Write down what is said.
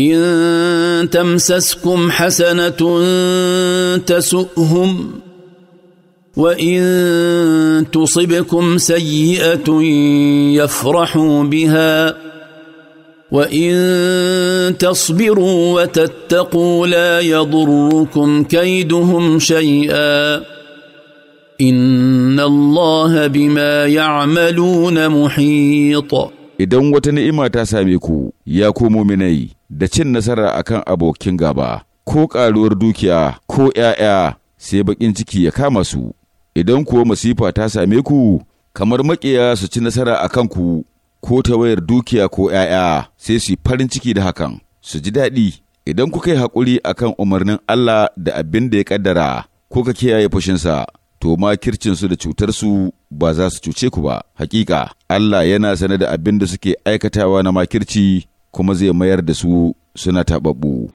ان تمسسكم حسنه تسؤهم وان تصبكم سيئه يفرحوا بها وان تصبروا وتتقوا لا يضركم كيدهم شيئا ان الله بما يعملون محيط idan wata ni'ima ta same ku ya ku minai da cin nasara akan abokin gaba ko ƙaruwar dukiya ko ‘ya'ya sai bakin ciki ya kama su idan kuwa masifa ta same ku kamar maƙiya su ci nasara a ku ko ta wayar dukiya ko ‘ya'ya sai su farin ciki da hakan su ji daɗi idan kuka yi haƙuri akan umarnin Allah da abin da ya ƙaddara ko ka kiyaye fushinsa. to makircinsu da cutarsu ba za su cuce ku ba. Hakika, Allah yana sane da abin da suke aikatawa na makirci kuma zai mayar da su suna taɓaɓɓu.